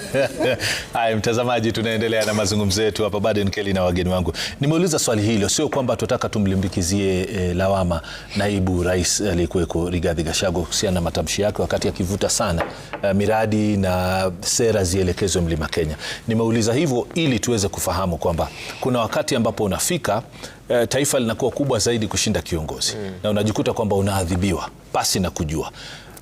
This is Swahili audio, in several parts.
Haya, mtazamaji, tunaendelea na mazungumzo yetu hapa bado Nkeli na wageni wangu. Nimeuliza swali hilo, sio kwamba tunataka tumlimbikizie e, lawama naibu rais aliyekuweko Rigathi Gachagua kuhusiana na matamshi yake wakati akivuta ya sana e, miradi na sera zielekezwe mlima Kenya. Nimeuliza hivyo ili tuweze kufahamu kwamba kuna wakati ambapo unafika e, taifa linakuwa kubwa zaidi kushinda kiongozi mm, na unajikuta kwamba unaadhibiwa pasi na kujua.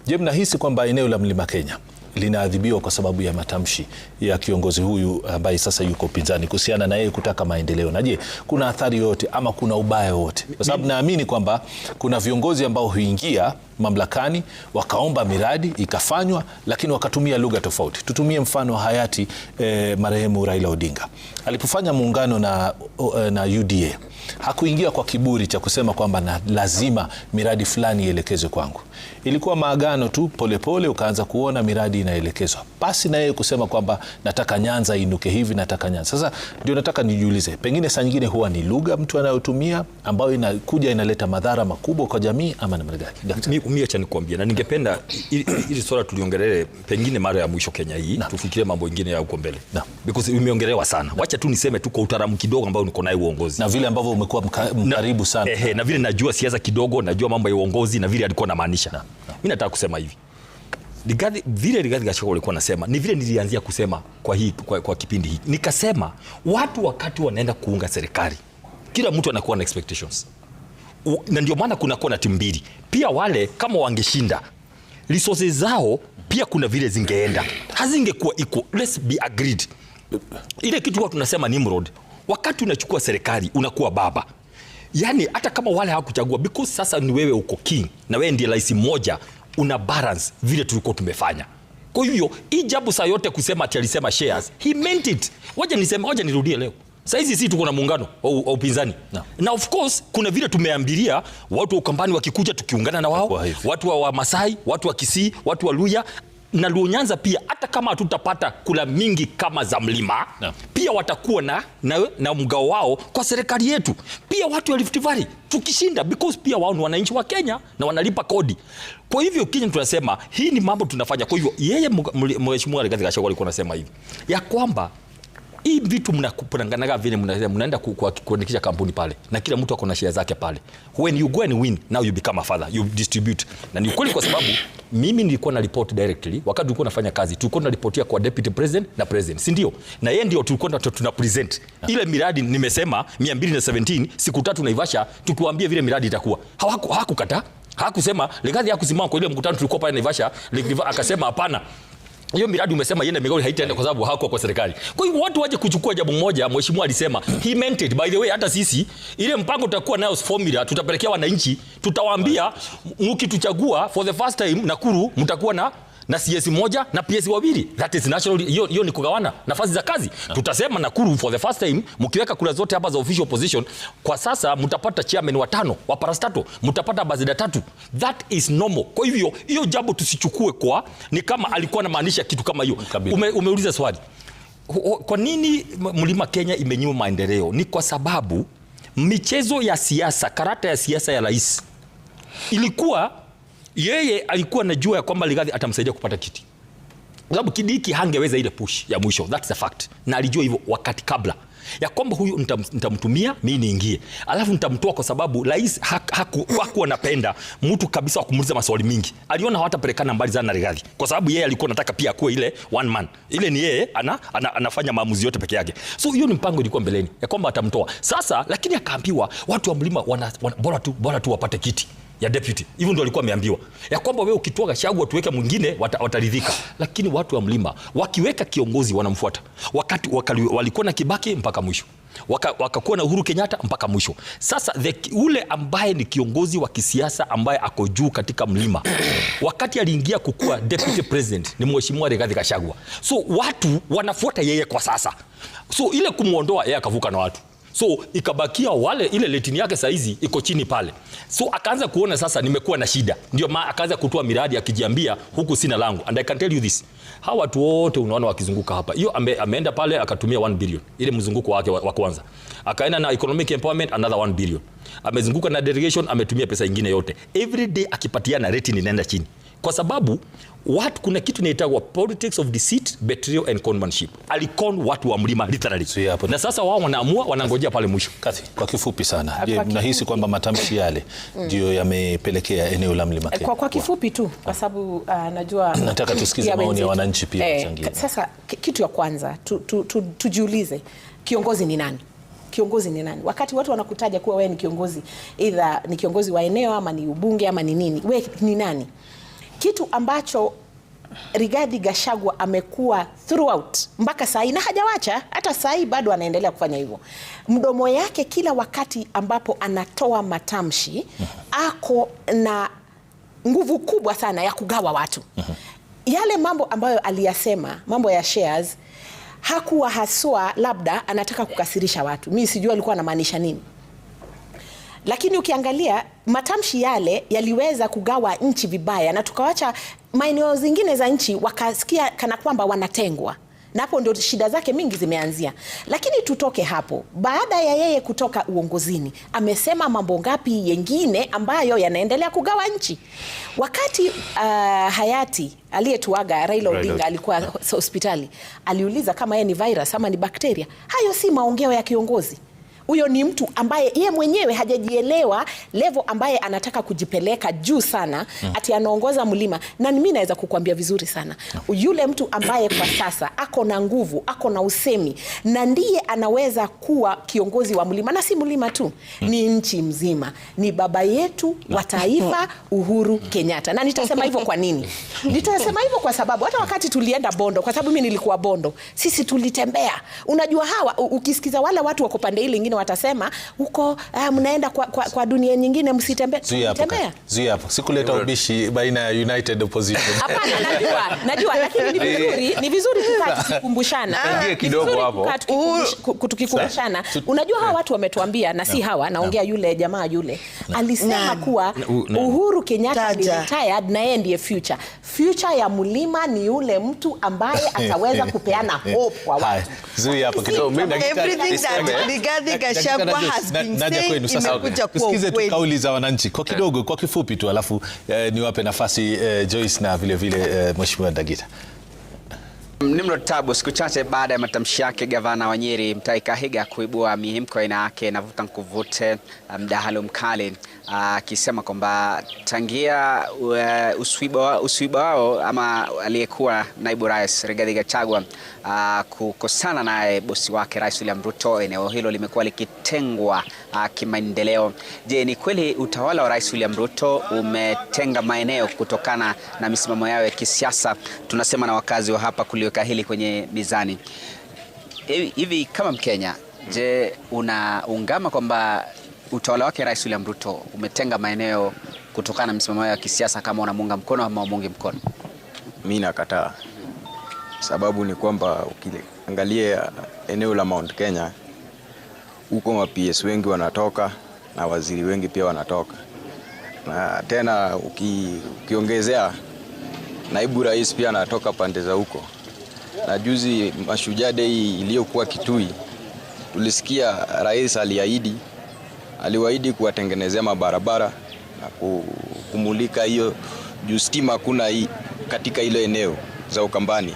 Je, mnahisi kwamba eneo la mlima Kenya linaadhibiwa kwa sababu ya matamshi ya kiongozi huyu ambaye sasa yuko pinzani kuhusiana na yeye kutaka maendeleo. Na je, kuna athari yoyote ama kuna ubaya wote Kwa sababu naamini kwamba kuna viongozi ambao huingia mamlakani wakaomba miradi ikafanywa, lakini wakatumia lugha tofauti. Tutumie mfano hayati eh, marehemu Raila Odinga alipofanya muungano na, eh, na UDA Hakuingia kwa kiburi cha kusema kwamba na lazima miradi fulani ielekezwe kwangu. Ilikuwa maagano tu, polepole pole, ukaanza kuona miradi inaelekezwa, basi na yeye kusema kwamba nataka Nyanza inuke hivi, nataka Nyanza. Sasa ndio nataka nijiulize, pengine saa nyingine huwa ni lugha mtu anayotumia ambayo inakuja inaleta madhara makubwa kwa jamii, ama namna gani? Mimi acha nikwambie, na ningependa hili swala tuliongelele pengine mara ya mwisho Kenya hii, na, tufikirie mambo mengine ya huko mbele, because imeongelewa sana. Wacha tu niseme tu kwa utaalamu kidogo ambao niko naye uongozi na vile ambavyo wewe umekuwa mkaribu sana eh, na vile najua siasa kidogo, najua mambo ya uongozi na vile alikuwa anamaanisha. Na na. mimi nataka kusema hivi Rigathi, vile Rigathi Gachagua alikuwa anasema ni vile nilianzia kusema kwa, hii, kwa, kwa kipindi hiki nikasema, watu wakati wanaenda kuunga serikali kila mtu anakuwa na expectations U, na ndio maana kunakuwa na timu mbili pia. Wale kama wangeshinda resources zao pia kuna vile zingeenda hazingekuwa iko Let's be agreed, ile kitu huwa tunasema Nimrod wakati unachukua serikali unakuwa baba yani, hata kama wale hawakuchagua because sasa ni wewe uko king na wewe ndiye rais mmoja, una balance vile tulikuwa tumefanya. Kwa hivyo hii jambo saa yote kusema ati alisema shares, he meant it. Waje niseme, waje nirudie leo Saizi si tuko na muungano wa upinzani no. Na of course kuna vile tumeambilia watu wa Ukambani wakikuja tukiungana na wao, watu wa Wamasai, watu wa Kisii, watu wa Luya na Luo Nyanza pia hata kama hatutapata kula mingi kama za mlima yeah. Pia watakuwa na, na, na mgao wao kwa serikali yetu. Pia watu wa Rift Valley tukishinda, because pia wao ni wananchi wa Kenya na wanalipa kodi. Kwa hivyo Kenya tunasema hii ni mambo tunafanya. Kwa hivyo yeye mheshimiwa Rigathi Gachagua alikuwa anasema hivi ya kwamba hii vitu mnakupanganaga vile mnaenda kuandikisha kampuni pale, na kila mtu ako na share zake pale. When you go and win, now you become a father, you distribute. Na ni ukweli kwa sababu mimi nilikuwa na report directly wakati tulikuwa nafanya kazi, tulikuwa tunaripotia kwa deputy president na president, si ndio? Na yeye ndio tulikuwa tuna present ile miradi nimesema 217 siku tatu Naivasha, tukiwaambia vile miradi itakuwa, hawakukata hawaku hakusema Lengazi hakusimama kwa ile mkutano tulikuwa pale Naivasha, akasema hapana hiyo miradi umesema iende Migori haitaenda kwa sababu hakuwa kwa serikali. Kwa hivyo watu waje kuchukua jambo moja, mheshimiwa alisema he meant it. By the way, hata sisi ile mpango tutakuwa nayo formula tutapelekea wananchi, tutawaambia mkituchagua for the first time Nakuru mtakuwa na na CS moja na PS wawili, that is national. Hiyo hiyo ni kugawana nafasi za kazi. Tutasema Nakuru for the first time, mkiweka kura zote hapa za official position, kwa sasa mtapata chairman watano wa parastato, mtapata bazida tatu. That is normal. Kwa hivyo hiyo jambo tusichukue kwa ni kama alikuwa anamaanisha kitu kama hiyo. Ume, umeuliza swali kwa nini mlima Kenya imenyua maendeleo? Ni kwa sababu michezo ya siasa, karata ya siasa ya rais ilikuwa yeye alikuwa na jua ya kwamba Rigathi atamsaidia kupata kiti, kwa sababu Kidiki hangeweza ile push ya mwisho, that's a fact, na alijua hivyo wakati kabla ya kwamba huyu nitamtumia mi niingie, alafu nitamtoa kwa sababu rais hakuwa anapenda mtu kabisa wa kumuuliza maswali mingi. Aliona hawatapelekana mbali sana na Rigathi, kwa sababu yeye alikuwa anataka pia akuwe ile one man, ile ni yeye ana, ana, anafanya maamuzi yote peke yake. So hiyo ni mpango ilikuwa mbeleni ya kwamba atamtoa sasa, lakini akaambiwa watu wa mlima wana, wana, bora tu bora tu wapate kiti ya deputy. Hivyo ndio alikuwa ameambiwa ya kwamba wewe ukitoa Gachagua tuweke mwingine wataridhika, lakini watu wa mlima wakiweka kiongozi wanamfuata. Wakati wakali, walikuwa na Kibaki mpaka mwisho wakakuwa na Uhuru Kenyatta mpaka mwisho. Sasa the, ule ambaye ni kiongozi wa kisiasa ambaye ako juu katika mlima wakati aliingia kukua deputy president ni mheshimiwa Rigathi Gachagua, so watu wanafuata yeye kwa sasa, so ile kumwondoa yeye akavuka na watu So ikabakia wale ile letini yake saizi iko chini pale. So akaanza kuona sasa nimekuwa na shida. Ndio maana akaanza kutoa miradi akijiambia huku sina langu. And I can tell you this. Hawa watu wote unaona wakizunguka hapa. Hiyo ame, ameenda pale akatumia 1 billion. Ile mzunguko wake wa, kwanza. Akaenda na economic empowerment another 1 billion. Amezunguka na delegation ametumia pesa ingine yote. Every day akipatiana rating inaenda chini kwa sababu watu kuna kitu inaitwa politics of deceit, betrayal and conmanship. Alikon watu wa mlima literally. So, yeah, na sasa wao wanaamua wanangojea pale mwisho. Kathy, kwa kifupi sana, je, mnahisi kwamba matamshi yale mm. ndio mm. yamepelekea eneo la mlima Kwa, kwa kifupi tu kwa sababu uh, najua nataka tusikize maoni ya wananchi pia eh, sasa kitu ya kwanza tu, tu, tu, tujiulize kiongozi ni nani? Kiongozi ni nani? Wakati watu wanakutaja kuwa wewe ni kiongozi, either ni kiongozi wa eneo ama ni ubunge ama ni nini, wewe ni nani? kitu ambacho Rigathi Gachagua amekuwa throughout mpaka saa hii na hajawacha, hata saa hii bado anaendelea kufanya hivyo. Mdomo yake kila wakati ambapo anatoa matamshi mhm. ako na nguvu kubwa sana ya kugawa watu. Mhm. Yale mambo ambayo aliyasema, mambo ya shares, hakuwa haswa, labda anataka kukasirisha watu. Mi sijui alikuwa anamaanisha nini, lakini ukiangalia matamshi yale yaliweza kugawa nchi vibaya, na tukawacha maeneo zingine za nchi wakasikia kana kwamba wanatengwa na hapo ndio shida zake mingi zimeanzia. Lakini tutoke hapo, baada ya yeye kutoka uongozini, amesema mambo ngapi yengine ambayo yanaendelea kugawa nchi? Wakati uh, hayati aliyetuaga Raila Odinga alikuwa hospitali, aliuliza kama yeye ni virus ama ni bakteria. Hayo si maongeo ya kiongozi huyo ni mtu ambaye yeye mwenyewe hajajielewa level ambaye anataka kujipeleka juu sana mm. ati anaongoza mlima, na mimi naweza kukuambia vizuri sana yule mtu ambaye kwa sasa ako na nguvu, ako na usemi na ndiye anaweza kuwa kiongozi wa mlima, na si mlima tu mm. ni nchi mzima, ni baba yetu wa taifa Uhuru Kenyatta. Na nitasema hivyo kwa nini? Nitasema hivyo kwa sababu hata wakati tulienda Bondo, kwa sababu mimi nilikuwa Bondo, sisi tulitembea. Unajua hawa ukisikiza wale watu wako pande ile nyingine watasema huko ah, mnaenda kwa, kwa, kwa dunia nyingine msitembee. Zuia hapo, sikuleta ubishi baina ya United Opposition. Hapana, najua, najua lakini ni eh. vizuri, ni vizuri tukaa tukikumbushana. Tuingie kidogo hapo. Tukikumbushana. Unajua hawa eh. watu wametuambia na si hawa, naongea yule jamaa yule. Alisema kuwa Uhuru Kenyatta ni retired na yeye ndiye future. Future ya mlima ni yule mtu ambaye ataweza kupeana hope kwa watu. Zuri hapo kidogo. Mimi tusikize tu kauli za wananchi kwa kidogo, kwa kifupi tu, alafu eh, niwape nafasi eh, Joyce na vilevile eh, Mheshimiwa Ndagita. Nimrod Tabu siku chache baada ya matamshi yake gavana wa Nyeri Mutahi Kahiga kuibua mihemko aina yake vuta nkuvute, uh, mdahalo mkali uh, akisema kwamba tangia uh, uswiba wao ama aliyekuwa naibu rais Rigathi Gachagua kukosana naye bosi wake Rais William Ruto, eneo hilo limekuwa likitengwa kimaendeleo. Je, ni kweli utawala wa Rais William Ruto umetenga maeneo kutokana na misimamo yao ya kisiasa? Tunasema na wakazi wa hapa kulio kuliweka hili kwenye mizani. Hivi kama Mkenya, je, unaungama kwamba utawala wake Rais William Ruto umetenga maeneo kutokana na msimamo wa kisiasa, kama unamuunga mkono ama unamungi mkono? Mimi nakataa, sababu ni kwamba ukiangalia uh, eneo la Mount Kenya huko maps ps wengi wanatoka na waziri wengi pia wanatoka, na tena uki, ukiongezea naibu rais pia anatoka pande za huko. Na juzi Mashujaa Day iliyokuwa Kitui, tulisikia rais aliahidi, aliwaahidi kuwatengenezea mabarabara na kumulika hiyo juu stima hii katika ile eneo za Ukambani.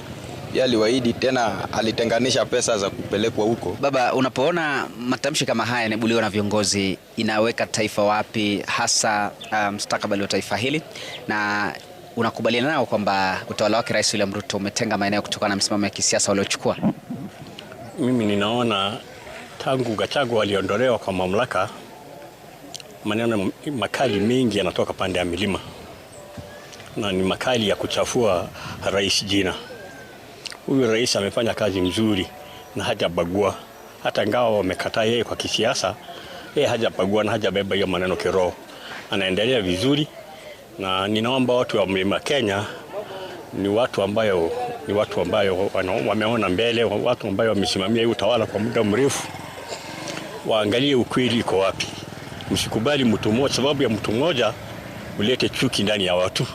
Yeye aliwaahidi tena, alitenganisha pesa za kupelekwa huko. Baba, unapoona matamshi kama haya yanabuliwa na viongozi, inaweka taifa wapi hasa uh, mstakabali um, wa taifa hili na unakubaliana nao kwamba utawala wake Rais William Ruto umetenga maeneo kutokana na msimamo ya kisiasa waliochukua? Mimi ninaona tangu Gachagua waliondolewa kwa mamlaka, maneno makali mengi yanatoka pande ya milima na ni makali ya kuchafua rais jina. Huyu rais amefanya kazi mzuri na hajabagua, hata ingawa wamekataa yeye kwa kisiasa, yeye hajabagua na hajabeba hiyo maneno kiroho, anaendelea vizuri na ninaomba watu wa Mlima Kenya ni watu ambayo ni watu ambayo wameona mbele, watu ambayo wamesimamia hii utawala kwa muda mrefu, waangalie ukweli uko wapi. Msikubali mtu mmoja, sababu ya mtu mmoja ulete chuki ndani ya watu.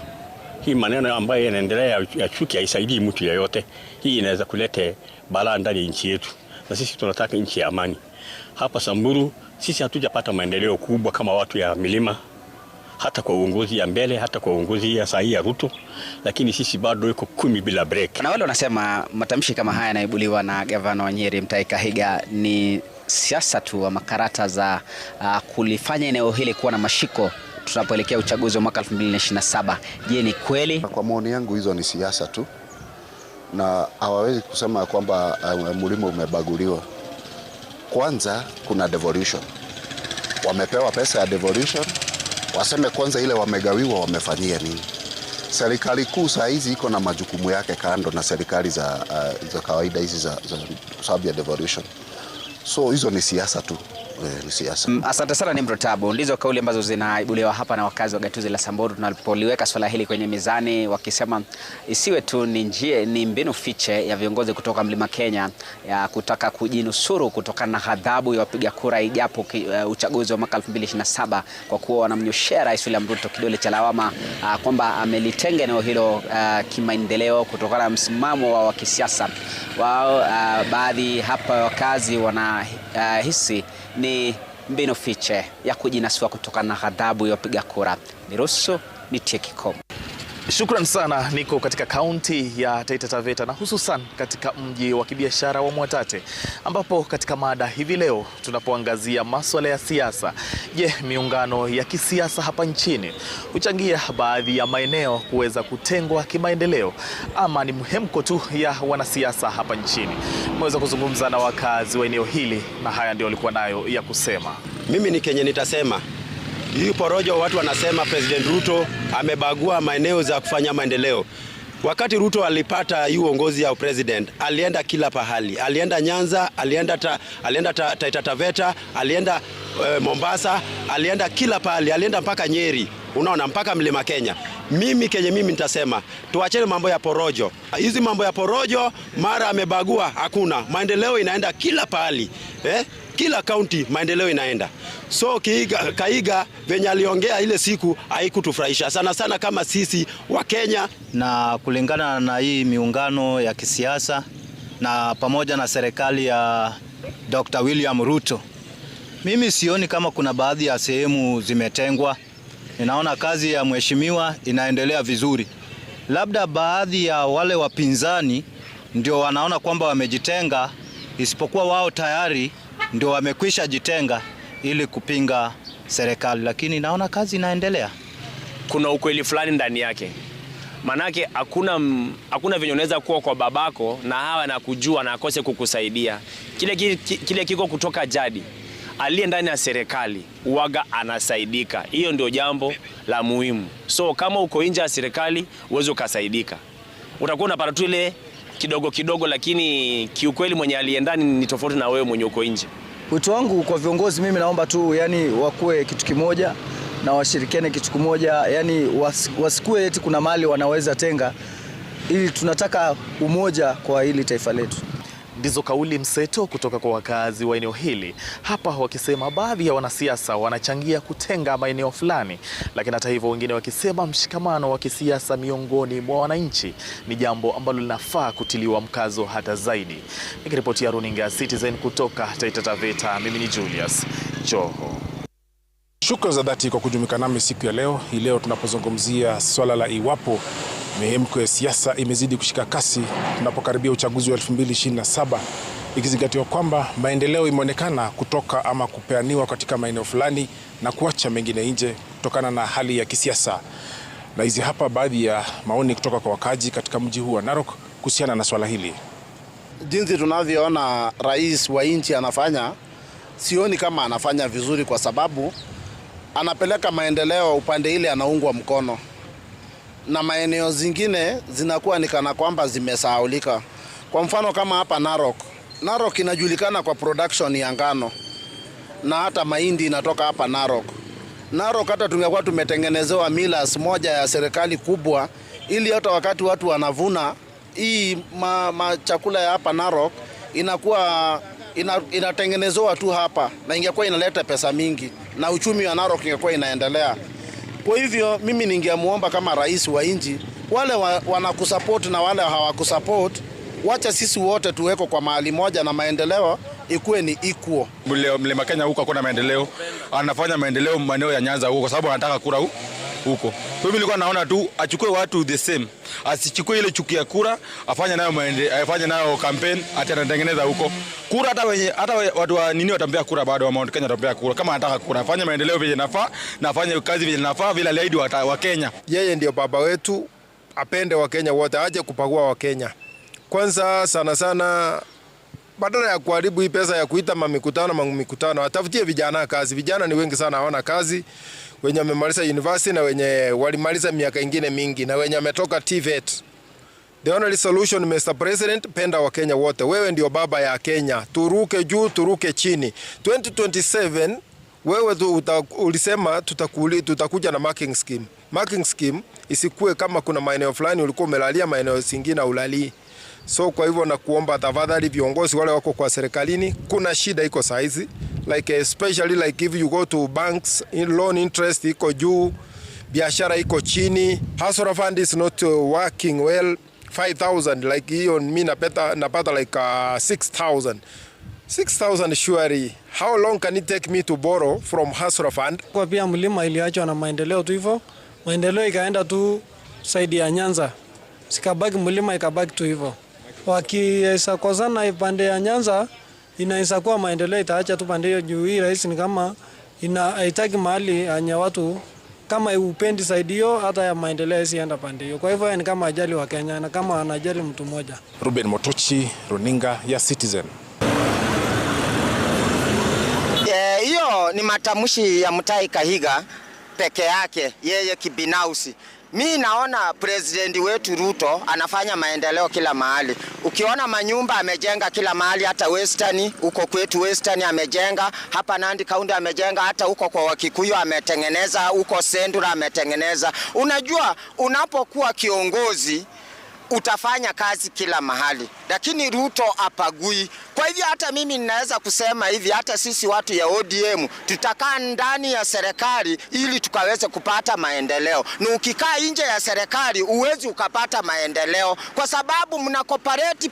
Hii maneno ambayo yanaendelea ya chuki haisaidii mtu yeyote. Hii inaweza kulete balaa ndani ya nchi yetu, na sisi tunataka nchi ya amani. Hapa Samburu sisi hatujapata maendeleo kubwa kama watu ya milima hata kwa uongozi ya mbele hata kwa uongozi ya sahi ya Ruto, lakini sisi bado iko kumi bila break. Na wale wanasema matamshi kama haya yanaibuliwa na gavana wa Nyeri Mutahi Kahiga ni siasa tu wa makarata za uh, kulifanya eneo hili kuwa na mashiko tunapoelekea uchaguzi wa mwaka 2027. Je, ni kweli? Kwa maoni yangu hizo ni siasa tu na hawawezi kusema kwamba uh, mlimo umebaguliwa. Kwanza kuna devolution, wamepewa pesa ya devolution waseme kwanza ile wamegawiwa wamefanyia nini. Serikali kuu saa hizi iko na majukumu yake kando na serikali za, uh, za kawaida hizi za, za, za, za devolution. So hizo ni siasa tu. Eh, siasa. Mm, asante sana ni Tabu. Ndizo kauli ambazo zinaibuliwa hapa na wakazi wa gatuzi la Samburu tunapoliweka swala hili kwenye mizani, wakisema isiwe tu ni njie ni mbinu fiche ya viongozi kutoka Mlima Kenya ya kutaka kujinusuru kutokana na ghadhabu ya wapiga kura ijapo uh, uchaguzi wa mwaka 2027 kwa kuwa wanamnyoshea Rais William Ruto kidole cha lawama uh, kwamba amelitenga eneo hilo uh, kimaendeleo kutokana na msimamo wa kisiasa wao. Uh, baadhi hapa wakazi wanahisi uh, ni mbinu fiche ya kujinasua kutokana na ghadhabu ya wapiga kura. Niruhusu nitie kikomo. Shukran sana. Niko katika kaunti ya Taita Taveta na hususan katika mji wa kibiashara wa Mwatate, ambapo katika mada hivi leo tunapoangazia maswala ya siasa. Je, miungano ya kisiasa hapa nchini huchangia baadhi ya maeneo kuweza kutengwa kimaendeleo ama ni mhemko tu ya wanasiasa hapa nchini? Umeweza kuzungumza na wakazi wa eneo hili na haya ndio walikuwa nayo ya kusema. Mimi ni kenye nitasema hii porojo watu wanasema President Ruto amebagua maeneo za kufanya maendeleo. Wakati Ruto alipata hii uongozi ya president, alienda kila pahali, alienda Nyanza, alienda ta, alienda ta, Taita Taveta, alienda e, Mombasa, alienda kila pahali, alienda mpaka Nyeri, unaona mpaka Mlima Kenya. Mimi kenye mimi nitasema tuacheni mambo ya porojo, hizi mambo ya porojo, mara amebagua, hakuna maendeleo. Inaenda kila pahali eh? Kila kaunti maendeleo inaenda. So Kiiga, Kaiga venye aliongea ile siku haikutufurahisha sana sana kama sisi wa Kenya, na kulingana na hii miungano ya kisiasa na pamoja na serikali ya Dr. William Ruto, mimi sioni kama kuna baadhi ya sehemu zimetengwa ninaona kazi ya mheshimiwa inaendelea vizuri. Labda baadhi ya wale wapinzani ndio wanaona kwamba wamejitenga, isipokuwa wao tayari ndio wamekwisha jitenga ili kupinga serikali, lakini naona kazi inaendelea. Kuna ukweli fulani ndani yake, manake hakuna hakuna venye unaweza kuwa kwa babako na hawa na kujua na akose kukusaidia. Kile, kile kiko kutoka jadi aliye ndani ya serikali uwaga anasaidika. Hiyo ndio jambo la muhimu. So kama uko nje ya serikali uweze ukasaidika, utakuwa unapata tu ile kidogo kidogo, lakini kiukweli mwenye aliye ndani ni tofauti na wewe mwenye uko nje. Wito wangu kwa viongozi, mimi naomba tu yani wakuwe kitu kimoja na washirikiane kitu kimoja, yani wasikue eti kuna mali wanaweza tenga, ili tunataka umoja kwa hili taifa letu. Ndizo kauli mseto kutoka kwa wakazi wa eneo hili hapa, wakisema baadhi ya wanasiasa wanachangia kutenga maeneo fulani, lakini hata hivyo, wengine wakisema mshikamano wa kisiasa miongoni mwa wananchi ni jambo ambalo linafaa kutiliwa mkazo hata zaidi. Nikiripotia runinga Citizen kutoka Taita Taveta, mimi ni Julius Joho. Shukrani za dhati kwa kujumika nami siku ya leo hii. Leo tunapozungumzia swala la iwapo Mihemko ya siasa imezidi kushika kasi tunapokaribia uchaguzi wa 2027 ikizingatiwa kwamba maendeleo imeonekana kutoka ama kupeaniwa katika maeneo fulani na kuacha mengine nje kutokana na hali ya kisiasa. Na hizi hapa baadhi ya maoni kutoka kwa wakaaji katika mji huu wa Narok kuhusiana na swala hili. Jinsi tunavyoona rais wa nchi anafanya, sioni kama anafanya vizuri, kwa sababu anapeleka maendeleo upande ile anaungwa mkono na maeneo zingine zinakuwa ni kana kwamba zimesahaulika. Kwa mfano kama hapa Narok, Narok inajulikana kwa production ya ngano na hata mahindi inatoka hapa Narok. Narok hata tumekuwa tumetengenezewa milas moja ya serikali kubwa, ili hata wakati watu wanavuna hii ma, ma chakula ya hapa Narok inakuwa ina, inatengenezewa tu hapa, na ingekuwa inaleta pesa mingi na uchumi wa Narok ingekuwa inaendelea. Kwa hivyo mimi ningemuomba kama rais wa nchi, wale wa, wanakusupport na wale hawakusupport, wacha sisi wote tuweko kwa mahali moja na maendeleo ikuwe ni equal. Mlima Kenya huko hakuna maendeleo, anafanya maendeleo maeneo ya Nyanza huko kwa sababu anataka kura huko huko. Kwa hiyo nilikuwa naona tu achukue watu the same, asichukue ile chuki ya kura, afanye nayo maende, afanye nayo campaign, ati anatengeneza huko kura. Hata wenye hata watu wa nini watampea kura, bado wa Mount Kenya watampea kura. Kama anataka kura, afanye maendeleo vile nafaa na afanye kazi vile nafaa, vile aliahidi wa wa Kenya. Yeye ndio baba wetu, apende wa Kenya wote, aje kupagua wa Kenya kwanza sana sana badala ya kuharibu hii pesa ya kuita mamikutano mamikutano, atafutie vijana kazi. Vijana ni wengi sana, hawana kazi wenye wamemaliza university na wenye walimaliza miaka ingine mingi na wenye ametoka TVET. The only solution Mr. President, penda wa Kenya wote, wewe ndio baba ya Kenya, turuke juu turuke chini. 2027 wewe ulisema tutakuli, tutakuja na marking scheme. Marking scheme isikue kama kuna maeneo fulani ulikuwa umelalia maeneo singine ulalii. So kwa hivyo nakuomba tafadhali, viongozi wale wako kwa serikalini, kuna shida iko saizi like especially like if you go to banks in loan interest iko juu, biashara iko chini, hustler fund is not uh, working well 5000 like hiyo mimi napata napata like uh, 6000 6000 surely how long can it take me to borrow from hustler fund? Kwa pia mlima iliachwa na maendeleo tu hivyo, maendeleo ikaenda tu saidi ya Nyanza, sikabaki mlima ikabaki tu hivyo wakisakozana pande ya Nyanza inaweza kuwa maendeleo itaacha tu pande hiyo, juu hii rais ni kama inaitaki mahali anya watu kama upendi saidi hiyo, hata ya maendeleo isienda pande hiyo. Kwa hivyo ni kama ajali wa Kenya na kama anajali mtu mmoja. Ruben Motochi, runinga ya Citizen. Eh, hiyo yeah, ni matamshi ya Mutahi Kahiga peke yake yeye kibinafsi. Mi naona president wetu Ruto anafanya maendeleo kila mahali. Ukiona manyumba amejenga kila mahali, hata Western huko kwetu Western amejenga, hapa Nandi County amejenga, hata huko kwa Wakikuyu ametengeneza, huko Sendura ametengeneza. Unajua, unapokuwa kiongozi utafanya kazi kila mahali, lakini Ruto apagui. Kwa hivyo hata mimi ninaweza kusema hivi, hata sisi watu ya ODM tutakaa ndani ya serikali ili tukaweze kupata maendeleo, na ukikaa nje ya serikali uwezi ukapata maendeleo, kwa sababu mna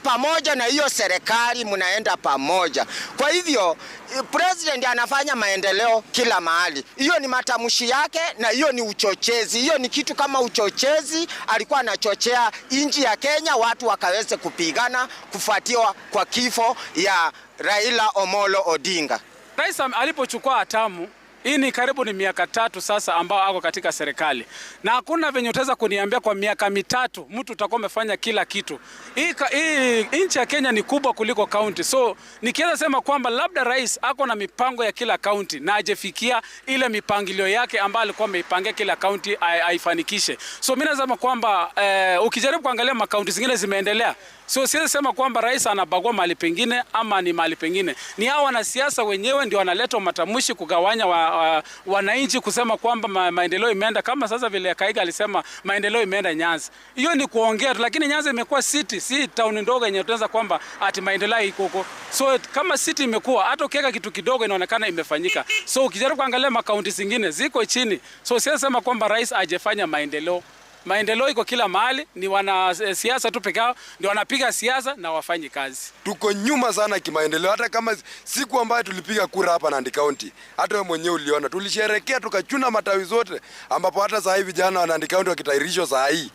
pamoja na hiyo serikali, mnaenda pamoja. Kwa hivyo eh, president anafanya maendeleo kila mahali, hiyo ni matamshi yake, na hiyo ni uchochezi, hiyo ni kitu kama uchochezi. Alikuwa anachochea nchi ya Kenya watu wakaweze kupigana kufuatiwa kwa kifo ya Raila Omolo Odinga. Rais alipochukua hatamu hii ni karibu ni miaka tatu sasa ambao ako katika serikali, na hakuna venye utaweza kuniambia kwa miaka mitatu mtu utakuwa umefanya kila kitu. Hii nchi ya Kenya ni kubwa kuliko kaunti, so nikiweza sema kwamba labda rais ako na mipango ya kila kaunti na ajefikia ile mipangilio yake ambayo alikuwa ameipangia kila kaunti aifanikishe. So mimi nasema kwamba eh, ukijaribu kuangalia makaunti zingine zimeendelea Sio siwezi sema kwamba rais anabagua mahali pengine ama ni mahali pengine. Ni hao wanasiasa wenyewe ndio wanaleta matamshi kugawanya wa, wa, wananchi kusema kwamba ma, maendeleo imeenda kama sasa vile Kaiga alisema maendeleo imeenda Nyanza. Hiyo ni kuongea tu, lakini Nyanza imekuwa city, si town ndogo yenye tunaweza kwamba ati maendeleo iko huko. So kama city imekuwa hata ukiweka kitu kidogo inaonekana imefanyika. So ukijaribu kuangalia makaunti zingine ziko chini. So siwezi sema kwamba rais ajefanya maendeleo. Maendeleo iko kila mahali, ni wanasiasa tu pekao ndio wanapiga siasa na wafanyi kazi. Tuko nyuma sana kimaendeleo. Hata kama siku ambayo tulipiga kura hapa Nandi County, hata wewe mwenyewe uliona, tulisherekea tukachuna matawi zote, ambapo hata saa hii vijana wa Nandi County wakitairishwa saa hii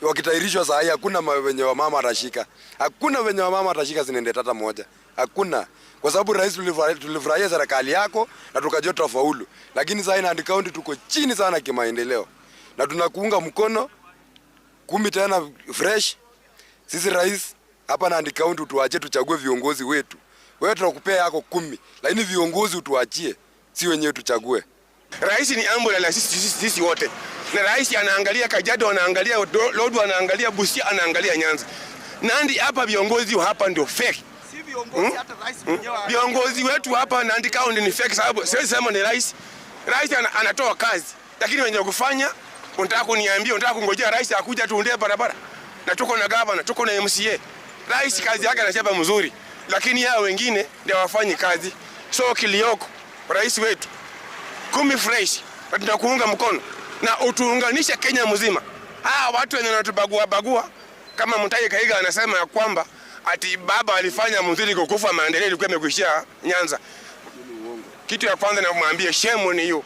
wakitairishwa saa hii hakuna wenye wamama atashika, hakuna wenye wamama atashika zinaende tata moja, hakuna kwa sababu rais, tulifurahia serikali yako na tukajua tutafaulu, lakini saa hii Nandi County tuko chini sana kimaendeleo na tunakuunga mkono kumi tena fresh. Sisi rais hapa na Nandi Kaunti, utuachie tuchague viongozi wetu. Wewe tunakupea yako kumi, lakini viongozi utuachie, si wenyewe tuchague. Rais ni ambo la sisi, sisi, sisi wote na rais anaangalia Kajado, anaangalia Lord, anaangalia Busia, anaangalia Nyanza, Nandi. Hapa viongozi hapa ndio fake, viongozi. hmm? rais hmm? wetu hapa Nandi Kaunti ni fake, sababu siwezi sema ni rais. Rais anatoa kazi, lakini wenye kufanya Unataka kuniambia unataka kungojea rais akuja tuundie barabara? Na tuko na governor, tuko na MCA. Rais kazi yake anachapa mzuri, lakini hao wengine ndio wafanyi kazi. So Kilioko, rais wetu kumi fresh, na tunakuunga mkono na utuunganishe Kenya mzima. Hawa watu wenye wanatubagua bagua kama Mutahi Kahiga anasema ya kwamba ati baba alifanya mzuri kukufa maendeleo ilikuwa imekuishia Nyanza. Kitu ya kwanza namwambia shemu ni hiyo.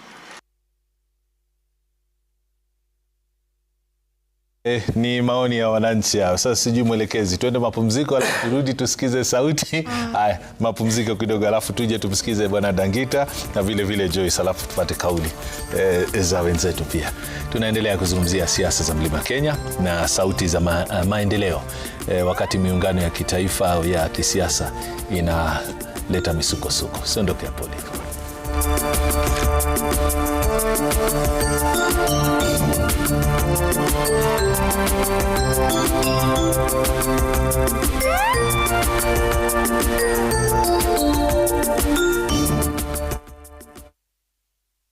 Eh, ni maoni ya wananchi hao. Sasa sijui mwelekezi, tuende mapumziko alafu turudi tusikize sauti. Ah. Haya, mapumziko kidogo alafu tuje tumsikize Bwana Dangita na vile vile Joyce alafu tupate kauli eh, za wenzetu pia. Tunaendelea kuzungumzia siasa za Mlima Kenya na sauti za ma, uh, maendeleo eh, wakati miungano ya kitaifa ya kisiasa inaleta misukosuko. Siondoke hapo ulipo. thank you